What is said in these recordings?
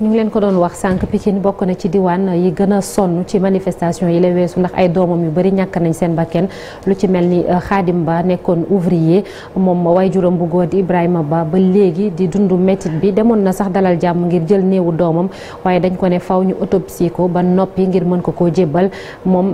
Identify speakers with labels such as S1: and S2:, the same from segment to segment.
S1: ñu ngi leen ko doon wax sànq Pikine bokk na ci diwaan yi gën a sonn ci manifestation yi la weesu ndax ay doomam yu bari ñàkk nañ seen bakken lu ci mel ni Xaadim euh, Ba nekkoon ouvrier moom waajuram bu góor di Ibrahima Ba ba léegi di dund métit bi demoon na sax dalal jàmm ngir jël néewu doomam waaye dañ ko ne faw ñu autopsie ko ba noppi ngir mën ko koo jébbal moom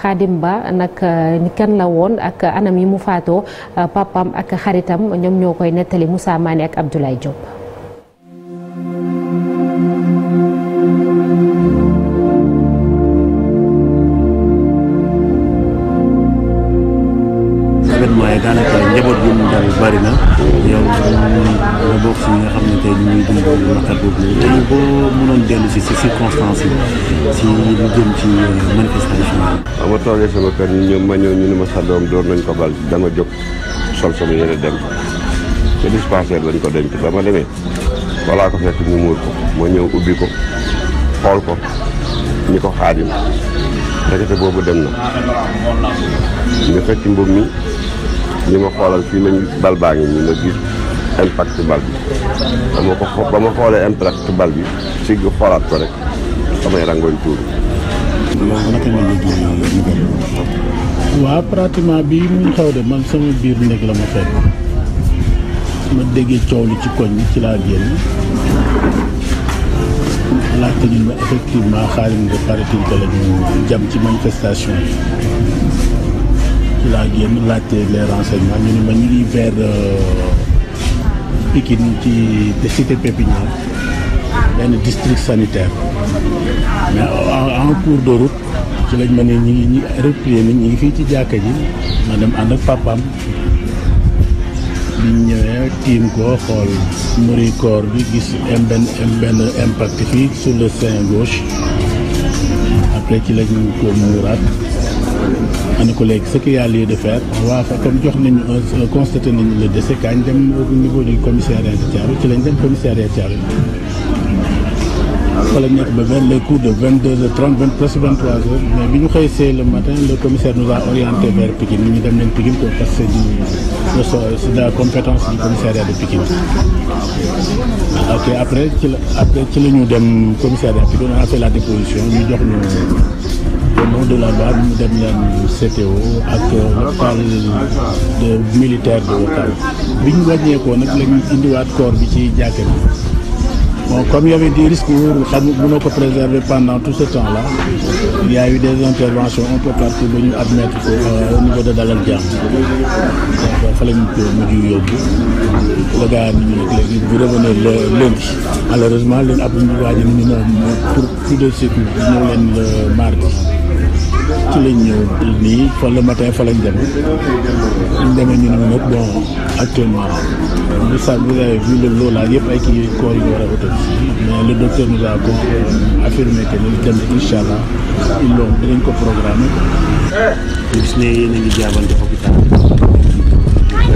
S1: Xaadim euh, Ba nag euh, kan la woon ak anam yi mu faatoo papam ak xaritam ñoom ñoo koy nettali Moussa Mané ak Abdoulaye Diop.
S2: waaye daanaka njaboot bi mu bari na. yow nga bokk si ñi nga xam ne tey ñu ngi dund boobu si si si lu jëm ci euh, manifestation yi.
S1: waaw ma toogee sama ma ñëw ñu ma sa doom door nañ ko bal dama jóg sol sama yére dem te dispensaire lañ ko denc ba ma demee walaa ko fekk ñu muur ko ma ñëw ubbi ko xool ko ñi ko xaadim ndekete boobu dem na ñu fekk mbubb mi li ma xoolal fii ma gis baa ngi nii ma gis impact bal bi ba ma ko ba ma xoolee impact bal bi sigg xoolaat ko rek samay rangoñ tuur.
S2: waaw pratiquement bi mu xaw de man sama biir néeg la ma ma déggee coow li ci koñ bi ci laa génn laajte ñu ne effectivement xaalis bi de parité la ñu jam ci manifestation laa génn laajte les renseignements ñu ne ma ñu ngi vers euh, Pikine ci cité Pépinière benn district sanitaire mais en cours de route ci lañ ma ni ñu ngi ñu replié nañ ñu ngi fii ci jàkka ji ma dem ànd ak papaam biñ ñëwee tiim ko xool muri corps bi gis benn impact fii sur le sein gauche après ci lañ ko muuraat ma ne ko léegi ce qu'il y a lieu de faire on va faire comme jox nañu euh, constaté nañu la décès kañ dem au niveau du commissariat de Thiaroye ci lañ de Thiaroye fa la nekk ba vers les coups de 22 h ñu xëy see le dem nañ Pikine pour parce que c'est de la compétence du après ci la après ci la ñu dem commissariat Pikine on a la déposition ñu jox ñu au nom la loi dem leen CTO ak local de militaire de local bi ñu wàññeekoo nag la ñu indiwaat corps bi ci jàkka bi comme y avait des risques wóorul xam mënoo ko préserver pendant tout ce temps la il y a eu des interventions un peu partout ba ñu admettre ko euh, au niveau de Dalal Jamm donc fa la ñu ko mujj ñu nag a pour plus de sécurité ñëw leen le ci lañ nii fa le matin fa lañ demee ñu demee ñu ne nag bon actuellement bu sa vous avez vu le lot ay kii corps yi war a autopsie mais le docteur nous a ko affirmé que ni demee incha allah il dinañ ko programmé ko gis ne a ngi jaabante hôpital bañ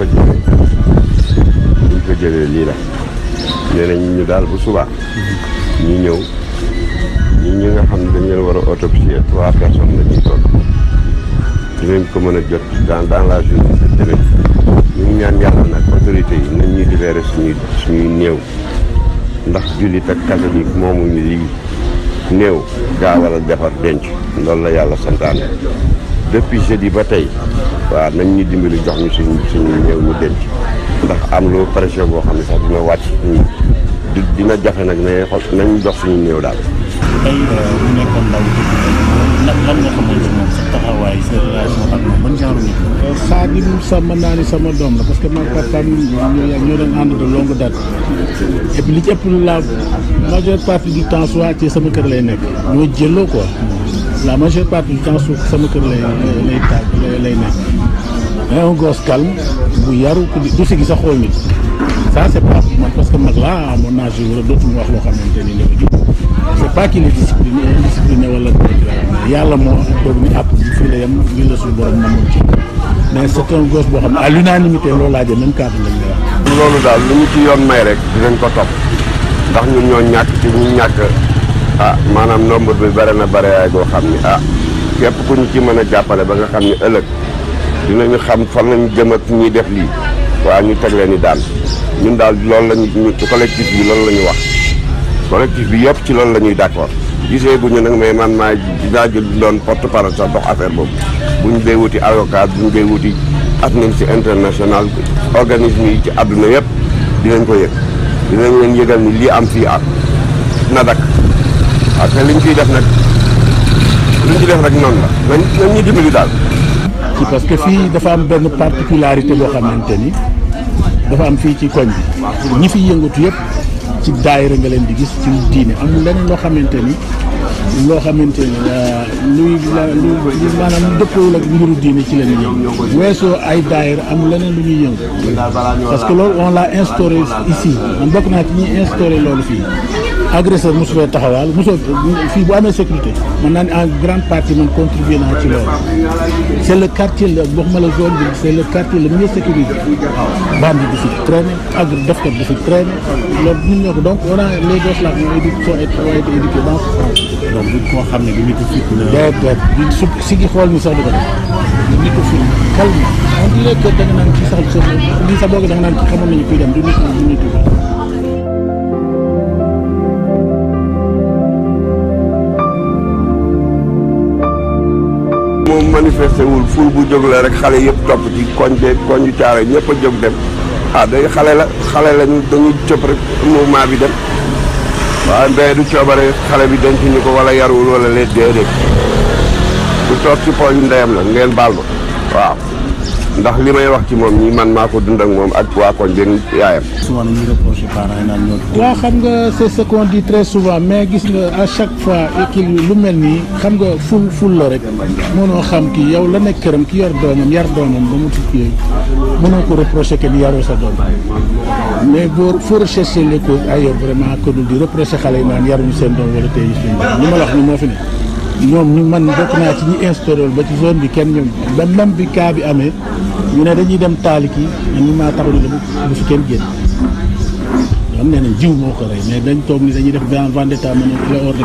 S1: fa jëlee buñ fa jëlee lii la nee ñu daal bu subaa ñi ñëw ñi ñi nga xam ne dañ leen war a autopsier trois personnes la ñuy toog dinañ ko mën a jot dans dans la journée de demain ñu ngi ñaan yàlla nag autorité yi nañ ñuy libéré suñuy suñuy néew ndax jullit ak catholique moomu ñu lii néew gaawal ak defar denc loolu la yàlla santaane depuis yi ba tey waa nañ ñu dimbali jox ñu suñu suñu néew ñu denc ndax am loo pression boo xam ne sax dina wàcc dina jafe nag mais xool nañ dox suñu néew daal.
S2: tey bu euh, nekkoon sa taxawaay euh, naa ni sama doom la parce que man papaam ñoo doon ànd de longue date et li ci la majeure partie du temps soit sama kër lay nekk. ñoo jëloo quoi. la majeure partie du temps suuf sama kër lay nekk. un gosse calme bu yaru du si gis a xool nit. ça c'est pas man parce que mag laa mon âge wala wax loo xamante ni dafa jub c'est pas qu'il est discipliné indiscipliné wala yàlla moo doog ni àpp bi fii la yem lii la suñu borom mais c'est un boo xam ne à l'unanimité loolu laajee même cadre lañ lay
S1: wax loolu daal lu ñu ci yoon may rek dinañ ko topp ndax ñu ñoo ñàkk ci ñu ñàkk ah maanaam nombre bi bare na bare yaay goo xam ni ah képp ku ñu ci mën a jàppale ba nga xam ni ëllëg dinañu xam fan lañu jëm ak ñuy def lii waa ñu teg leen ni daan ñun daal loolu la ñu collectif bi loolu la ñu wax collectif bi yëpp ci loolu lañuy ñuy d'accord gisee guñu nag mais man maa dinaa jël doon porte parole sax dox affaire boobu buñ dee wuti avocat buñ dee wuti Amnesty International organisme yi ci àdduna yëpp dinañ ko yëg dinañ leen yëgal ni lii am fii ak na dakk parce que liñ ciy def nag
S2: liñ ci def rek noonu la nañ nañ ñu dimbali daal. parce que fii dafa am benn particularité boo xamante ni. dafa am fii ci koñ bi ñi fi yëngatu yëpp ci daayira nga leen di gis ci diine amul leneen loo xamante ni loo xamante ni euh, luy lu maanaam dëppoowul ak mbiru diine ci leen yëngu weesoo ay daayira amul leneen lu ñuy yëngu parce que loolu on l'a instauré ici man bokk naa ci ñuy instauré loolu fii agresseur mosu fee taxawaal mosoo fii bu amee sécurité man naa ne en grande partie man contribué naa ci loolu c' est le quartier la waxuma la zone bi c' est le quartier le mieux sécurisé waaw bandi du fi traîné agri def ko du fi traîné loolu ñun ñoo ko donc on a les deux là ñoo édu soo été éduqué dans ce sens. donc duñ koo xam ne du nit ku fit la. déedéet su si gi xool mi sax di ko def du nit ku fit calme on dirait que da nga naan kii sax du soxla lii sax boo ko da nga naan kii xamoon nañu kuy dem du nit du nit
S1: moom manifesté wul ful bu jóg la rek xale yëpp topp ci koñ beeg koñu caare ñëpp a jóg dem ah day xale la xale lañu dañu cëpp rek mouvement bi dem waaw mbéy du coobare xale bi denc ñu ko wala yarul wala leet déedéet bu toog ci pooju ndeyam la ngeen baal ma waaw ndax li may wax ci moom ñi man maa ko dund ak moom ak waa koñ benn yaayam.
S2: souvent dañuy reproché parents yi xam nga c'est ce qu'on très souvent mais gis nga à chaque fois kii lu mel nii xam nga ful ful la rek mënoo xam kii yow la nekk këram ki yor doomam yar doomam ba mu tukki ko reproché que ni yaroo sa doom mais boo faut rechercher les causes ailleurs vraiment que di reproché xale yi naan yaruñu seen doom wala tey ma wax ni moo fi ne ñoom ñu man bokk naa ci ñi instauré ba ci zone bi kenn ñoom ba lam bi kaa bi amee ñu ne dañuy dem taali kii man ñu maa taxu ne la bu fi kenn génn xam ne nañ jiw moo ko rey mais dañ toog ni dañuy def vendetta ma ne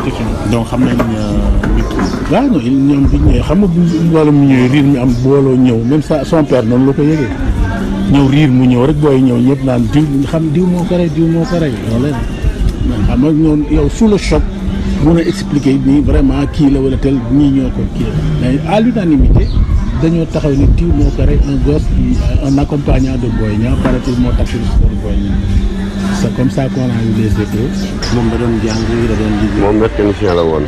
S2: la xam nañ euh, waaw non ñoom biñ ñëwee xam nga wala mu ñëwee riir mi am booloo ñëw même sa son père noonu la ko yëgee ñëw riir mu ñëw rek booy ñëw ñëpp naan diw xam diw moo ko rey diw moo ko rey loolu la xam nga ñoom yow sous le choc mën a expliquer nii vraiment kii la wala tel ñii ñoo ko kii mais à l'unanimité dañoo taxaw ni tiw moo ko rey un gosse un accompagnant de Boy Niang paraît-il moo tax pour Boy Niang c'est comme ça qu'on a eu les
S1: moom da doon jàng ngi da doon liggéey moom mécanicien la woon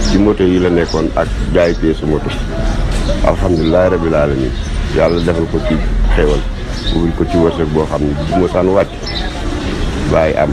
S1: ci moto yi la nekkoon ak jaay pièce moto alhamdulilahi rabil alamin yàlla defal ko ci xéewal ubbil ko ci wërsëg boo xam ne bu ma saan wàcc bàyyi am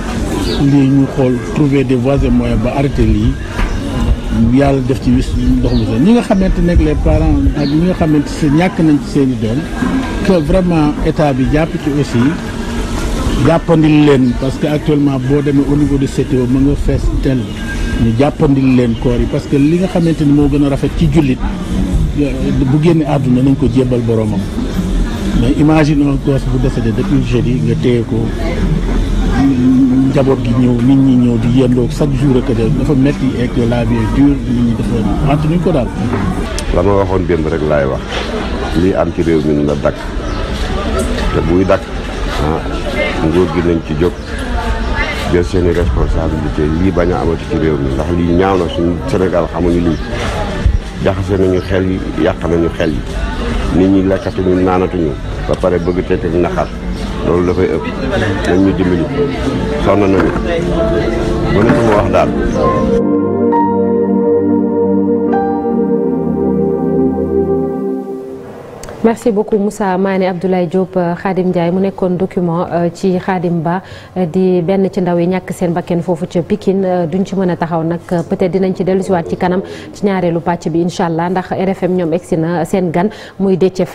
S2: lii ñu xool trouver des voies et ba arrêté lii yàlla def ci wis ndox mu seen ñi nga xamante nekk les parents ak ñi nga xamante si ñàkk nañ ci seen i doom que vraiment état bi jàpp ci aussi jàppandil leen parce que actuellement boo demee au niveau de CTO mën nga fees tel ñu jàppandil leen koor yi parce que li nga xamante ni moo gën a rafet ci jullit euh, bu génne àdduna nañ ko jébbal boroomam mais imagine un gosse bu décédé depuis yi nga téye ko njaboot gi ñëw nit ñi ñëw di yendoo chaque jour ak de dafa métti et que la vie est dure nit dafa
S1: entre waxoon démb rek laay wax lii am ci réew mi la dakk te buy dakk ah nguur gi nañ ci jóg jël seen i responsabilité lii bañ a amati ci réew mi ndax lii ñaaw na suñu Sénégal xamuñu lii jaxase nañu xel yi yàq nañu xel yi nit ñi lekkatuñu naanatuñu ba pare bëgg te ak naxar. loolu dafay ëpp nañ ñu dimbali sonn nañu
S2: mënatuma wax daal
S1: merci beaucoup Moussa Mané Abdoulaye Diop euh, Khadim Ndiaye mu nekkoon document euh, ci Khadim Ba euh, di benn ci ndaw yi ñàkk seen bakken foofu ca pikin duñ ci mën a taxaw nag peut-être dinañ ci dellusiwaat ci kanam ci ñaareelu pàcc bi incha allah ndax RFM ñoom egsi na seen gan muy Déthié